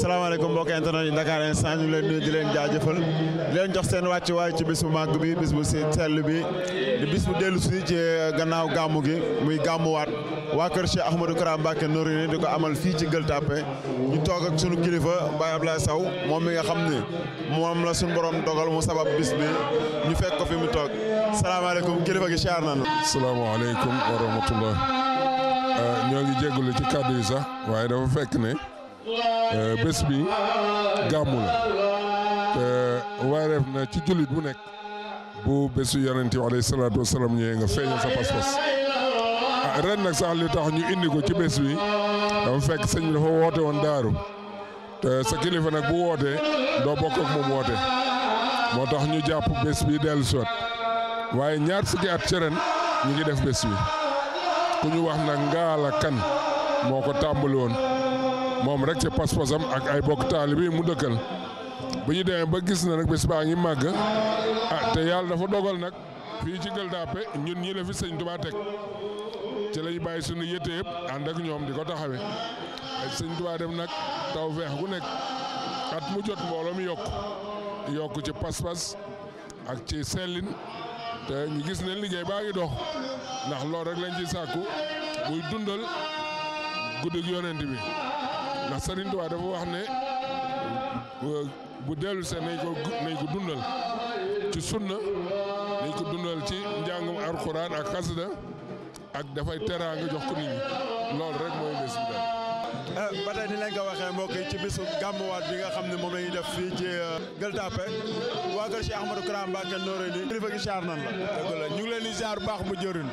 salaamaaleykum mbokk internet yi Dakar instant ñu leen nuyu di leen jaajëfal leen jox seen wàccuwaay ci bis bu màgg bi bis bu sell bi di bis bu dellu si ci eh, gannaaw gàmmu gi muy gàmmuwaat waa kër Cheikh Ahmadou Kara Mbacké Noreyni di ko amal fii ci Gueule Tapée ñu toog ak sunu kilifa Baye Ablaye saw moom mi nga xam ne moom la suñu borom dogal mu sabab bis bi ñu fekk ko fi mu toog salaamaaleykum kilifa ki siyaar nañu. salaamaaleykum wa rahmatullah eh, ñoo ngi jégalu ci kàddu yi sax waaye fekk ne. Euh, bés bi gàmmu la te na ci jullit bu nekk bu bésu yonent bi alayhi salaatu wa salaam ñëwee nga feeñal sa pas-pas ah, ren nag sax li tax ñu indi ko ci bés bi dafa fekk sëñ bi dafa woote woon sa kilifa nag bu doo bokk moo tax ñu jàpp bés bi dellu waaye ñaar fukki at ci ren ñu ngi def bés bi ku ñu wax nag ngaala kan moo ko tàmbali woon moom rek ci pas ak ay bokk taalibe mu dëkkal bu ñu demee ba gis na nag bés baa ngi màgg a ah, te yàlla dafa dogal nag fii ci Gueule-Tapée ñun ñi la fi sëñ Tuubaa teg ci lañu bàyyi suñu yëtte ànd ak ñoom di ko taxawee sëñ Tuubaa nag taw feex gu nekk at mu jot mbooloo mi yokk yokk ci pas ak ci sellin te ñu gis ne liggéey baa ngi dox ndax loolu rek lañ ci saaku muy dundal guddig yonent bi ndax Serigne Touba dafa wax ne bu dellu see nañ ko nañ ko dundal ci sunna nañ ko dundal ci njàngum alxuraan ak xasida ak dafay teraanga jox ko nit ñi loolu rek mooy bés bi daal Eh, ba tey ni leen ko waxee mbokk yi ci bisu gàmmuwaat bi nga xam ne moom la def fii ci eh, Gueule Tapée waa kër Cheikh Ahmadou Kara Mbacké Noreyni kilifa gi jaar nan la dëgg la ñu ngi leen di jaar bu baax mu jëriñ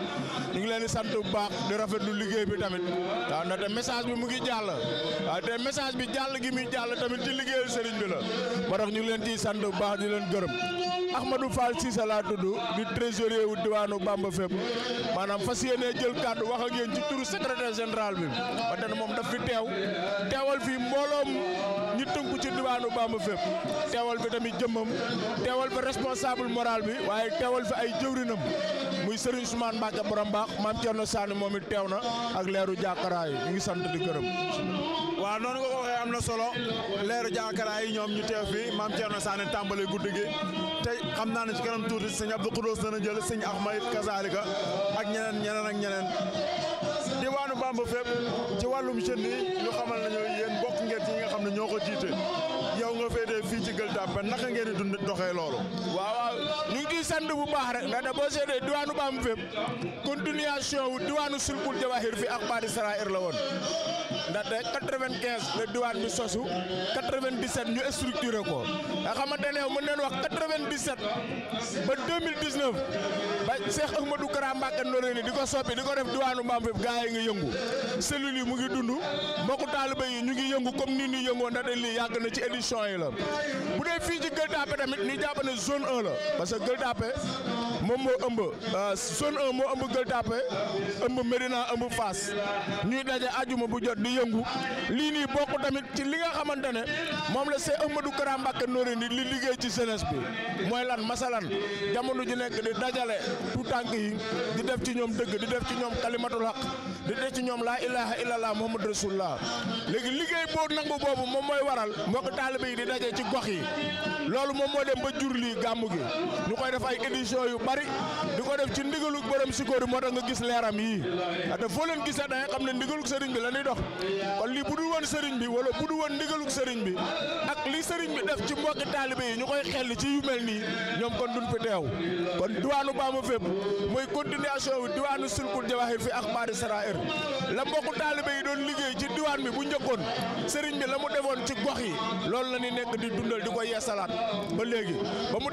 ñu ngi leen di sant bu baax di rafetlu liggéey bi tamit waaw ndaxte message bi mu ngi jàll waaw te message bi jàll gi muy jàll tamit ci liggéeyu sëriñ bi la moo ñu ngi leen ciy sant bu baax di leen gërëm Ahmadou Fall Cissé laa tudd di trésorier wu diwaanu Bamba fépp maanaam fas yéenee jël kàddu wax ak yéen ci turu secrétaire général bi ba tey moom daf fi teew teewal fi mbooloom ñi tënku ci diwaanu Bamba fépp teewal fi tamit jëmmam teewal fi responsable moral bi waaye teewal fi ay jëwrinam muy Serigne Ousmane Mbacke borom baax maam Thierno moom it teew na ak leeru jàkkaraay ñu ngi sant bi gërëm. waaw noonu nga ko waxee am na solo leeru jàkkaraay yi xam naa ne ci kanam tuuti sëñ Abdou Khoudous dana jël sëñ Axma it kazaalika ak ñeneen ñeneen ak ñeneen diwaanu Bamba fépp ci wàllum jeunes yi ñu xamal nañu yéen bokk ngeen ci ñi nga xam ne ñoo ko jiite yow nga féetee fii ci Gueule Tapée naka ngeen di dund doxee loolu. waaw ñu ngi ciy sant bu baax rek ndax da boo seetee diwaanu Bamba fépp continuation wu diwaanu sulbul jawahir fi ak Badi la woon. ndaxte 95 la diwaan bi sosu 97 ñu structuré ko nga xamante ne mën nañu wax 97 ba 2019 ba Cheikh Ahmadou Kara Mbacké di ko soppi di ko def diwaanu mbaam fépp gaa yi ngi yëngu cellules yi mu ngi dund mbokku taaliba yi ñu ngi yëngu comme ni ñuy yëngoo ndaxte lii yàgg na ci édition yi la bu dee fii ci Gueule Tapée tamit ñu jàpp ne zone la parce que Gueule moom moo ëmb euh, zone 1 moo ëmb Gueule Tapée ëmb Médina ëmb Fass ñuy daje ajuma bu jot di yëngu lii nii bokk tamit ci li nga xamante ne moom la see Ahmadou Kara Mbacké Noreyni li liggéey ci jeunesse bi mooy lan masalan jamono ji nekk di dajale tout tànk yi di def ci ñoom dëgg di def ci ñoom kalimatul haq di def ci ñoom laa ilaha illallah muhammad rasulullah léegi liggéey boo nangu boobu moom mooy waral mbokk taalibe yi di daje ci gox yi loolu moom moo dem ba jur lii gàmmu gi di ko def ci ndigalu borom sikóor moo tax nga gis leeram yii te foo leen gisee da nga xam ne ndigalug sëriñ bi la ñuy dox kon li bu dul woon sëriñ bi wala bu dul woon ndigalug sëriñ bi ak li sëriñ bi def ci mbokki taalibe yi ñu koy xel ci yu mel nii ñoom kon duñ fi teew kon diwaanu Bamba fépp mooy continuation bi diwaanu sulkul jawahir fi axbaari sarair la mbokku taalibe yi doon liggéey ci diwaan bi bu njëkkoon sëriñ bi la mu defoon ci gox yi loolu la nekk di dundal di ko yeesalaat ba léegi ba mu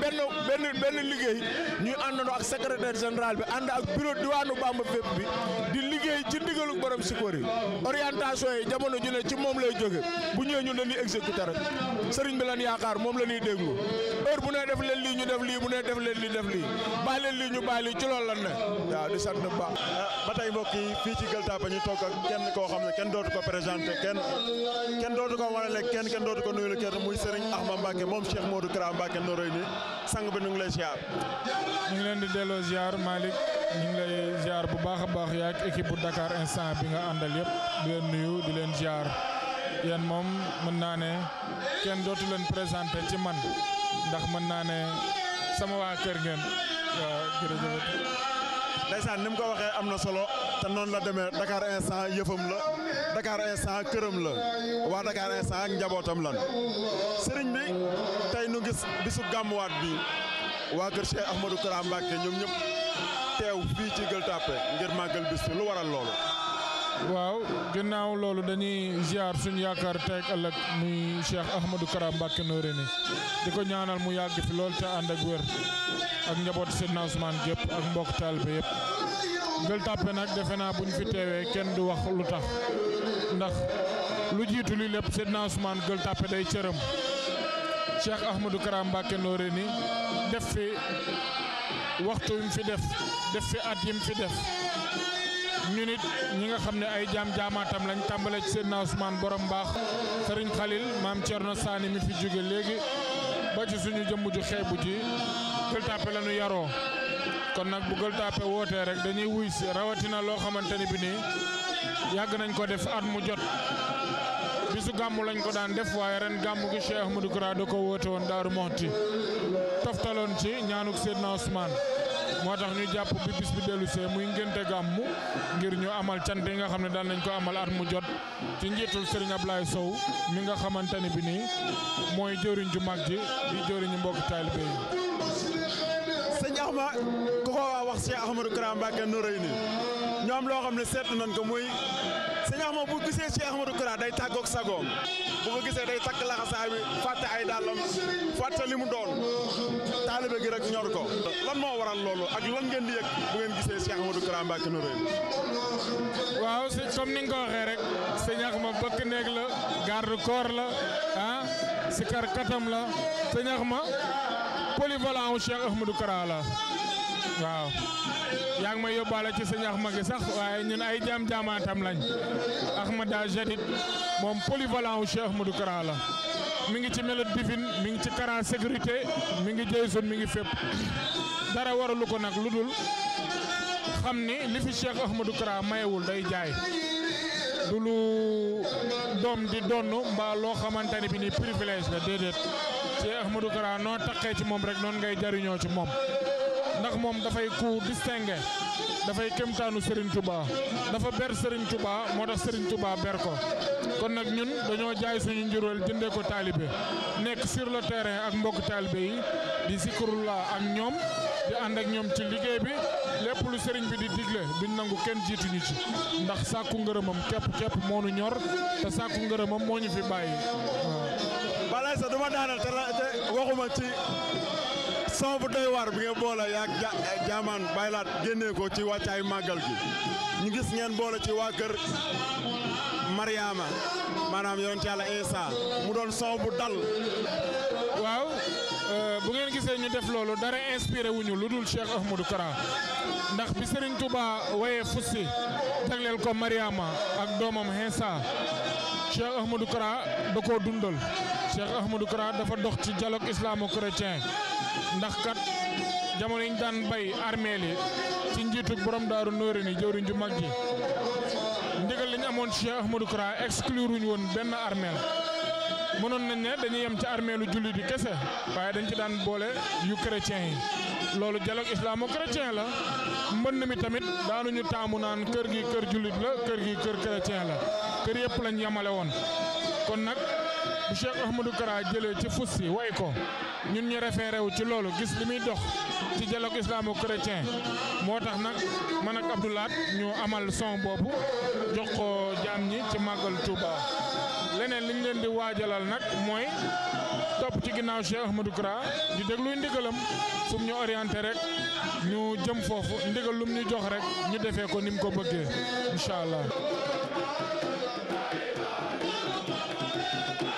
benn benn benn liggéey ñuy àndandoo ak secrétaire général bi ànd ak bureau diwaanu Bamba fépp bi di liggéey ci ndigalu borom Sikor yi orientation yi jamono ju ne ci moom lay jóge bu ñëwee ñun dañuy exécuter rek sëriñ bi lan yaakaar moom la ñuy déglu heure bu ne def leen lii ñu def lii bu ne def leen lii def lii bàyyi leen lii ñu bàyyi lii ci loolu lan ne waaw di sant bu baax. Ah, ba tey mbokk fii ci Gueule ñu toog ak kenn koo xam ne kenn dootu ko présenté kenn kenn dootu ko wanale kenn kenn dootu ko sang bi nu ngi lay ziar. ñu ngi leen di delloo ziar Malick ñu ngi lay ziar bu baax a baax yaa ak équipe bu Dakar instant bi nga àndal yëpp di leen nuyu di leen ziar yéen moom mën naa ne kenn dootu leen présenté ci man ndax mën naa ne sama waa kër ngeen jërëjëf. ndeysaan ni mu ko waxee am na solo te noonu la demee Dakar instant yëfam la Dakar instant këram la waa Dakar instant ak njabootam lan sëriñ bi tey nu gis gisu gàmmuwaat bi waa kër Cheikh Ahmadou Kara Mbacké ñoom ñëpp teew fii ci Gueule Tapée ngir màggal bis lu waral loolu waaw ginnaaw loolu dañuy ziar suñu yaakaar tey ak ëllëg muy Cheikh Ahmadou Kara Mbacké Noreyni di ko ñaanal mu yàgg fi loolu te ànd ak wér ak njaboot Seydina Ousmane gépp ak mbokk taalibe yëpp Gueule nag defe naa bu ñu fi teewee kenn di wax lu tax ndax lu jiitu li lépp Seydina Ousmane Gueule Tapée day cëram Cheikh Ahmadou Kara Mbacké Noreyni def fi waxtu yi mu fi def def fi at yi mu fi def ñu nit ñi nga xam ne ay jaam jaamaatam lañ tàmbalee ci Seydina Ousmane borom mbaax Serigne Khalil maam Thierno Sani mi fi jóge léegi ba ci suñu jëmm ju xeebu ji Gueule Tapée la ñu yaroo kon nag bu Gueule Tapée wootee rek dañuy wuy si rawatina loo xamante ni bi nii yàgg nañ ko def at mu jot bisu gàmmu lañ ko daan def waaye ren gàmmu gi Cheikh Ahmadou Kara da ko woote woon Daaru Moxti toftaloon ci ñaanuk Seydina Ousmane moo tax ñu jàpp bi bis bi dellu muy ngénte gàmmu ngir ñu amal cant yi nga xam ne daan nañ ko amal at mu jot ci njiitul Serigne Ablaye Sow mi nga xamante ni bi nii mooy jëriñ ju mag ji di jëriñu mbokk taalibe yi. sëñ Axma ku ko wax Cheikh Ahmadou Kara Mbacké Noreyni ñoom loo xam ne seetlu nañ ko muy. cheikh moom bu gisee cheikh Ahmadou Kara day tàggoog sagoom bu ko gisee mu doon taalibe ñor ko moo waral loolu ak lan ngeen di gisee cheikh Ahmadou Kara Mbacké Noreyni ni ko waxee rek sëñ Axma bëkk néeg la garde corps la ah sikar katam la sëñ Axma polyvalent u cheikh Ahmadou Kara la waaw yaa ngi may yóbbaale ci sëñ Axma gi sax waaye ñun ay jaam jaamaatam lañ Axmada Jadid moom polyvalent wu Cheikh Ahmadou Kara la mu ngi ci mélode bifin mi ngi ci Kara sécurité mi ngi jëysun mi ngi fépp dara waralu ko nag lu dul xam ni li fi Cheikh Ahmadou Kara mayewul day jaay du lu doom di donn mbaa loo xamante bi ni privilège la déedéet Cheikh Ahmadou Kara noo taqee ci moom rek noonu ngay jariñoo ci moom ndax moom dafay ku distingué dafay kémtaanu Serigne Touba dafa ber Serigne Touba moo tax Serigne Touba ber ko kon nag ñun dañoo jaay suñu njuróol jëndee ko taalibe nekk sur le terrain ak mbokk taalibe yi di sikkurulaa ak ñoom di ànd ak ñoom ci liggéey bi lépp lu sëriñ bi di digle duñ nangu kenn jiituñu ci ndax sàkku ngërëmam képp képp moo nu ñor te sàkku ngërëmam moo ñu fi bàyyi waaw. sa duma daanal te waxuma ci. son bu doy waar bi ngeen boole yaa ja jaamaan baylaat génnee ko ci wàccaay màggal gi ñu gis ngeen boole ci waa kër Mariama maanaam yonent yàlla Isa mu doon son bu dal. waaw euh, bu ngeen gisee ñu def loolu dara inspiré lu dul Cheikh Ahmadou Kara ndax bi sëriñ Touba woyee Fussi jagleel ko Mariama ak doomam Isa Cheikh Ahmadou Kara da koo dundal Cheikh Ahmadou Kara dafa dox ci dialogue islamo-chrétien. ndax kat jamono yi daan bay armeel yi ci njiitu borom daaru nóoré ni jëwriñ ju mag ji ndigal li amoon Cheikh Ahmadou Kara exclure wuñu woon benn armeel mënoon nañ ne dañuy yem ci armeelu jullit yi kese waaye dañ ci daan boole yu chrétien yi loolu dialogue islamo chrétien la mbënn mi tamit daanuñu taamu naan kër gi kër jullit la kër gi kër chrétien la kër yëpp lañ yemale woon kon nag bu Cheikh Ahmadou Kara jëlee ci Foussy woy ko ñun ñu référé wu ci loolu gis li muy dox ci dialogue islamo-chrétien moo tax nag man ak Abdou Lahad ñu amal son boobu jox ko jaam ñi ci màggal Touba leneen li ñu leen di waajalal nag mooy topp ci ginnaaw Cheikh Ahmadou Kara di déglu ndigalam fu mu ñu orienté rek ñu jëm foofu ndigal lum ñu jox rek ñu defee ko ni mu ko bëggee incha allah. Alabama!